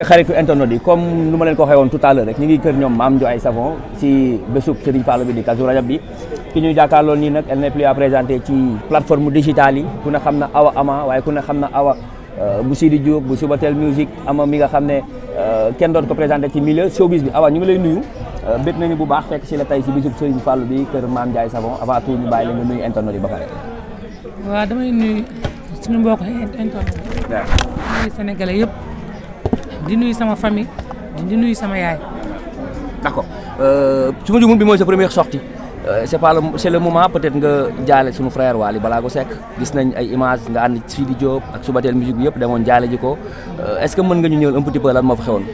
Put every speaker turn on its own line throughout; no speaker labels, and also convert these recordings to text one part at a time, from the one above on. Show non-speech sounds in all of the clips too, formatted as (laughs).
xaritu internet yi comme nu ma leen ko waxee woon tout rek ñu ngi kër ñoom Mame Ndoye Savon si bésub Serigne Fallou bi di Kazu Rajab bi ki ñuy jàkkaarloo nii nag elle n'est plus à présenter ci plateforme digitale yi ku ne xam na Awa Ama waaye ku ne xam na Awa euh, bu Sidi Diop bu Subatel Music Ama mi nga xam ne euh, kenn doon ko présenté ci milieu showbiz bi Awa ñu ngi lay nuyu euh, bét nañu bu baax fekk si la tey si bésub Serigne Fallou bi kër Mame Ndoye Savon avant tout ñu bàyyi la nga nuyu internet yi ba pare.
waaw damay nuyu suñu mbokk
internet
yi. waaw di nuyu sama famille di nuyu sama yaay.
d'accord euh, su ma juumul bi mooy sa première sortie euh, c'est pas le c'est le moment peut-être nga jaale sunu frère balaa Ballago sekk gis nañ ay images nga ànd ci di Diop ak Subatel musique bi yëpp demoon jaale ji ko euh, est-ce que mën nga ñu ñëwal un petit peu lan moo fa xewoon.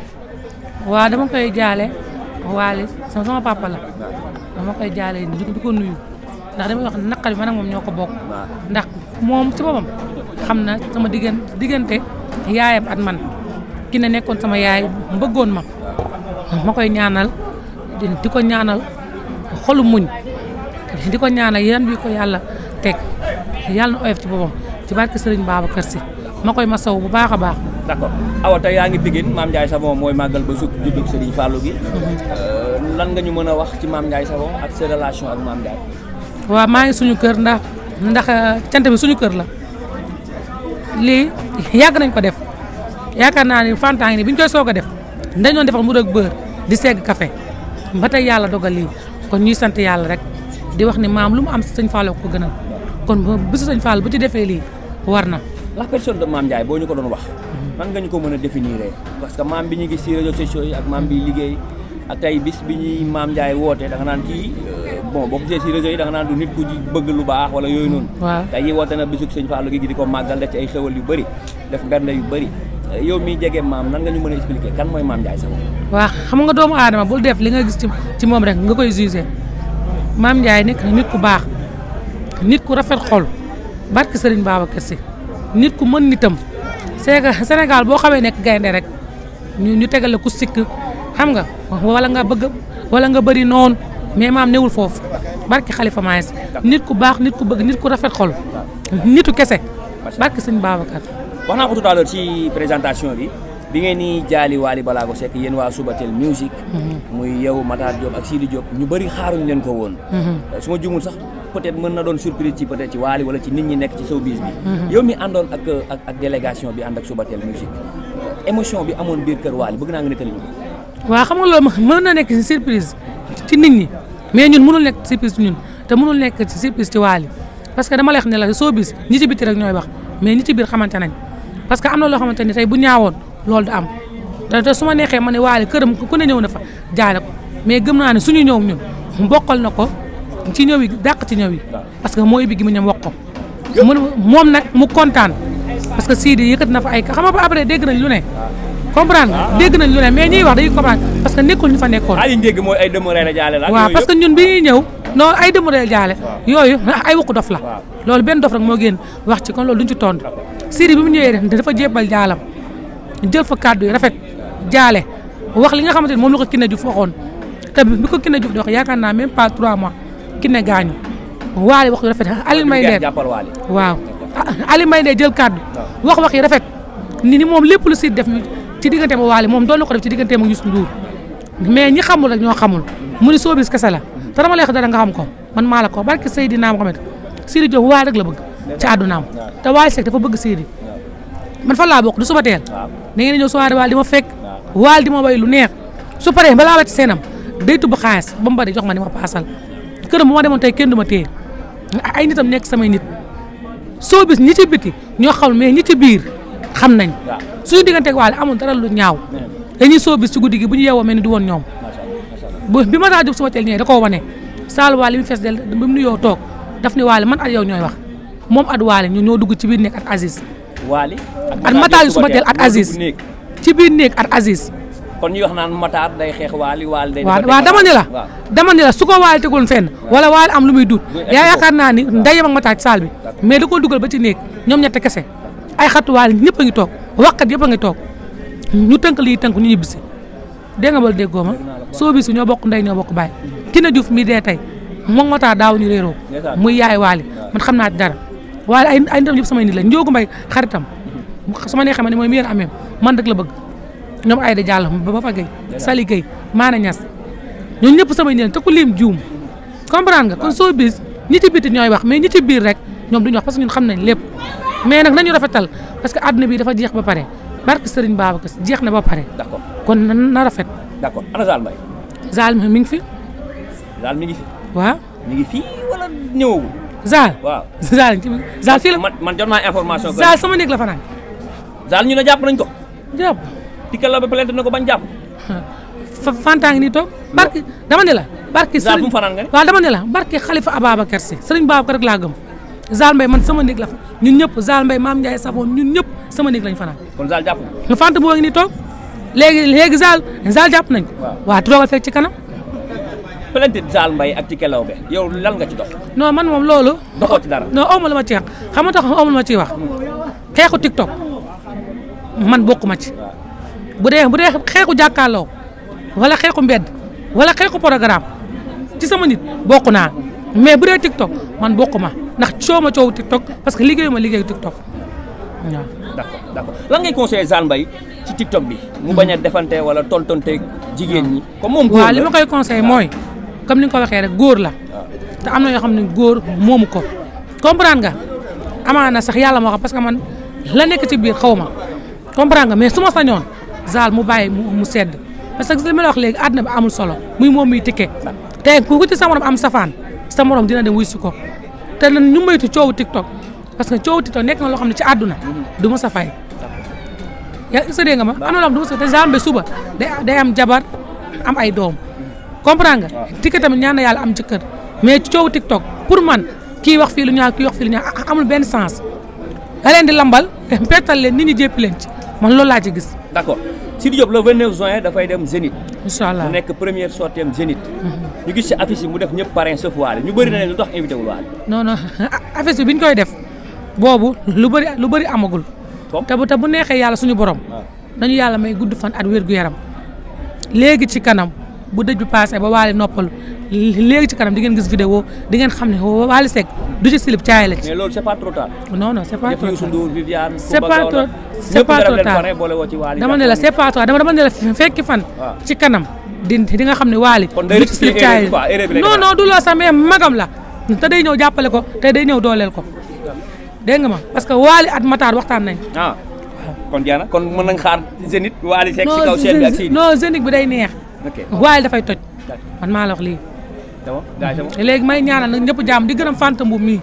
waaw dama koy jaale Wally sama sama papa la jaale ko nuyu ndax damay wax naqar bi ma ak moom ñoo ko bokk. ndax moom ci boppam xam na sama diggante diggante yaayam at man. ki ne nekkoon sama yaay mbëggoon ma ma koy ñaanal di ko ñaanal xolu muñ di ko ñaanal yan bi ko yàlla teg yàlla na oyof ci boppam ci barke Sëriñ Babacar Si ma koy masaw bu baax a baax.
d'accord awa yaa ngi Pikine Mame Ndiaye Savon mooy màggal ba sukk juddug Serigne Fallou gi. Euh, lan nga ñu mën a wax ci Mame Ndiaye Savon ak sa relation ak Mame Ndiaye.
waaw maa ngi suñu kër ndax ndax euh, cant bi suñu kër la lii yàgg nañ ko def yaakaar naa ni fanta ngi bi ñu koy soog a def dañoon defal mu ak beurre di segg kafe ba tey yàlla dogal lii kon ñuy sant yàlla rek di wax ni maam lu mu am si sëñ Fallou ko gënal kon bu si sëñ Fallou bu ci defee lii war na.
la personne de Mame boo ñu ko doon wax. man nga ñu ko mën parce que maam bi ñu gis si réseaux sociaux yi ak maam bi liggéey ak tey bi ñuy Mame Ndiaye woote da nga naan kii euh, bon boo ko gisee si réseaux yi da nga naan bëgg lu baax wala yooyu noonu. waaw tey sëñ Fallou gi di ko màggal def ci ay xewal yu bëri def bernde yu bëri Eh, yow miy jege maam nan nga ñu mën a mooy maam Ndiaye Savon.
xam nga doomu aadama bul def li nga gis ci ci moom rek nga koy jugé maam Ndiaye nekk na nit ku baax nit ku rafet xol barke Serigne Babacar Sy nit ku mën nitam Sénégal boo xamee nekk gaynde rek ñu tegale ku sikk xam nga nga bëgg wala nga bëri noonu mais maam newul foofu barke Khalifa nit ku baax nit ku bëgg nit ku rafet xol nitu kese barke Serigne Babacar.
wax naa ko tout à l'heure ci présentation bi bi ngeen ni jaali Waly Balago Seck yéen waa Subatel music mhm. muy yow Matar Diop ak Sidi Diop ñu bëri xaaruñ leen ko woon mhm. euh, su ma jumul sax peut-être mën na doon surprise ci peut-être ci nit ñi nekk ci showbiz bi mhm. yow mi àndoon ak ak ak délégation amoon biir kër Waly bëgg naa nga nettali ñu
ko waaw xam mën na nekk surprise ci nit ñi mais ñun mënul nekk surprise ñun te mënul nekk surprise ci Waly parce que dama lay wax la showbiz parce que am na loo xamante ni tey bu ñaawoon loolu du am te su ma neexee ma ne waale këram ku ne ñëw na fa jaale ko mais gëm naa ne suñu ñëw ñun mbokkal na ko ci ñëw yi dàq ci ñëw yi parce que moo ibbi gi mu ñam wax ko moom nag mu kontaan parce que Sidi yëkkat na fa ay xam nga après dégg nañ lu ne comprendre nga dégg nañ lu ne mais ñiy wax dañuy comprendre parce que nekkul ñu fa nekkoon. ay dégg mooy ay dëmm rey la jaale la. waaw parce que ñun bi ñuy ñëw non ay dëmb dee jaale yooyu ay waxu dof la loolu benn dof rek moo génn wax ci kon loolu duñ ci tontu Siri bi mu ñëwee rek dafa jébbal jaalam jël fa kàddu yi rafet jaale wax li nga xamante ne moom la ko Kiné Diouf waxoon te bi ko Kiné Diouf di wax yaakaar naa même pas trois mois Kiné gaañu waale wax yu rafet Alioune Mbaye Nder waaw Alioune Mbaye Nder jël kàddu wax wax yi rafet ni ni moom lépp lu Siri def ci digganteem waale moom doon na ko def ci digganteem ak Youssou Ndour mais ñi xamul rek ñoo xamul mm. mu ni soobis kese la te dama lay dara nga xam ko man maa la ko barke Seydina Mohamed Sidi Diop waay rek la bëgg ci àddunaam te waay Seck dafa bëgg Sidi man fan laa bokk du suba teel da ngeen ñëw soirée waal di ma fekk waal di ma way lu neex su paree balaa wàcc seenam day tubb xaalis ba mu bari jox ma ni ma paasal këram bu ma demoon kenn du ma téye ay nitam nekk samay nit soo bis ci biti ñoo xawl mais ñi ci biir xam nañ suñu digganteeg waale amul dara lu ñaaw dañuy soo bis ci guddi bu ñu yeewoo mel ni du woon ñoom bu bi ma taa jóg sama teel ñëwee da koo wane saal waale bi mu fees del bi mu nuyoo toog daf ne waale man ak yow ñooy wax moom at waale ñu ñoo dugg ci biir néeg ak Aziz.
waale ak Matar yu suba teel ak Aziz
ci biir néeg ak Aziz.
kon ñuy wax naan Matar day xeex waali waali day waaw dama ne la
dama ne la su ko waali tegoon fenn wala waali am lu muy duut yaa yaakaar naa ni ndey ak Matar saal bi mais da koo dugal ba ci néeg ñoom ñett kese ay xatu waali ñëpp a ngi toog waxkat yëpp a ngi toog ñu tënk lii tënk ñu ñibbisi dégg nga bal déggoo ma soo bisu ñoo bokk ndey ñoo bokk baay Kiné Diouf mi dee tey moom moo tax daaw ñu réeroo muy yaay waali man xam naa dara waaye ay ay nitam yëpp samay nit la Ndiogou Mbaye xaritam su nee neexee ma ne mooy meilleur ameem man rek la bëgg ñoom ay Aïda Diallo ba fa Gueye Sali Gueye Maana Niass ñooñu ñëpp samay nit la te ku lim juum comprendre nga kon soo bis ñi ci biti ñooy wax mais ñi ci biir rek ñoom duñu wax parce xam nañ lépp mais nag nañu rafetal parce que àdduna bi dafa jeex ba pare barke Serigne Babacar jeex na ba pare. d'accord kon na rafet. d'accord ana Zal Mbaye. Zal mi ngi fi. Zal mi ngi fi.
waaw mi ngi fi wala ñëwagul. Zal waaw Zal fii la. man man jot information. Zal sama néeg la fanaan. Zal ñu ne jàpp nañ ko. jàpp dikkal la ba plainte
na ko bañ jàpp. Fanta ngi nii toog barki dama ne la. barki Sëriñ Zal fu mu fanaan nga ne. waaw dama ne la barki Khalifa Ababacar Sy Sëriñ Babacar rek laa gëm. Zal Mbaye man sama néeg la fa ñun ñëpp Zal Mbaye Maam Ndiaye Savon ñun ñëpp sama néeg lañ fanaan.
kon
Fanta boo ngi nii toog. léegi léegi Zal Zal jàpp nañ ko. waaw te fekk ci kanam.
plainte Zal Mbaye ak ci kelaw be yow lan nga ci dox.
non man moom loolu.
doxoo ci dara non ma lu ma wax xam nga
tax aw ma lu ma ciy wax. xeexu TikTok man bokkuma ci. bu dee bu dee xeexu jàkkaarloo wala xeexu mbedd wala xeexu programme ci sama nit bokk naa mais bu dee TikTok man bokk ma ndax coow ma coowu TikTok parce que liggéeyu ma liggéey TikTok
waaw. d'accord d'accord lan ngay conseillé ci tiktok bi. mu bañ a defante wala tontonteeg jigéen ñi. comme moom góor la waaw li ma koy
conseillé mooy. comme ni nga ko waxee rek góor la. Ah. te am na yoo xam ne góor moomu ko. comprendre nga amaana sax yàlla moo xam parce que man la nekk ci biir xaw ma comprendre mais su ma sañoon zaal mu bàyyi mu sedd parce que li la wax léegi àddina bi amul solo muy moom muy tikke te ku ko ci sa am safaan sa morom dina dem wuy si ko te nan ñu moytu coowu tiktok parce que coowu tiktok nekk na loo xam ne ci àdduna du ma sa fay. yaa ngi nga ma am na loo xam du ma sëy te genre suba day am jabar am ay doom comprendre nga. Ah. tikka tamit ñaan na yàlla am jëkkër mais coow coowu tiktok pour man kii wax fii lu ñaaw kii wax fii lu ñaaw amul benn sens.
da leen di lambal (laughs) pettal leen nit ñi jéppi leen ci man loolu laa ci gis. d' accord Sidy Diop le 29 juin dafay dem Zénith. incha allah mu nekk première sortie am mhm. ñu gis ci affiche yi mu def ñëpp parrain sauf Wally ñu bëri na leen lu tax invité wul Wally. non (laughs) bi bi koy def boobu
lu bëri lu bëri amagul. te bu te bu neexee yàlla suñu borom. Ah. nañu yàlla may gudd fan at wér gu yaram. léegi ci kanam bu dëj bi paasee ba waale noppalu léegi ci kanam di ngeen gis vidéo ngeen xam ne waali Seck du ci slip caay la ci. mais loolu c'est pas trop tard. non non c'est pas
trop tard c'est
pas dama ne fekki fan. Ah. ci kanam di di xam ne waali. du ci slip caay non non du loo sax magam la te day ñëw jàppale ko te day ñëw dooleel ko. dégg nga ma parce que waali at Matar waxtaan nañ
ah kon jaana kon mën nañ xaar Zénith waali seeg si kaw bi si
non Zénith bi day neex waali dafay toj man maa la wax lii léegi may ñaanal nag ñëpp jàmm di gërëm Fanta Mboum mii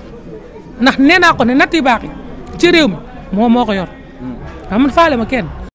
ndax nee naa ko ne natt yi baax yi ci réew mi moom moo ko yor xam hmm. man faale ma kenn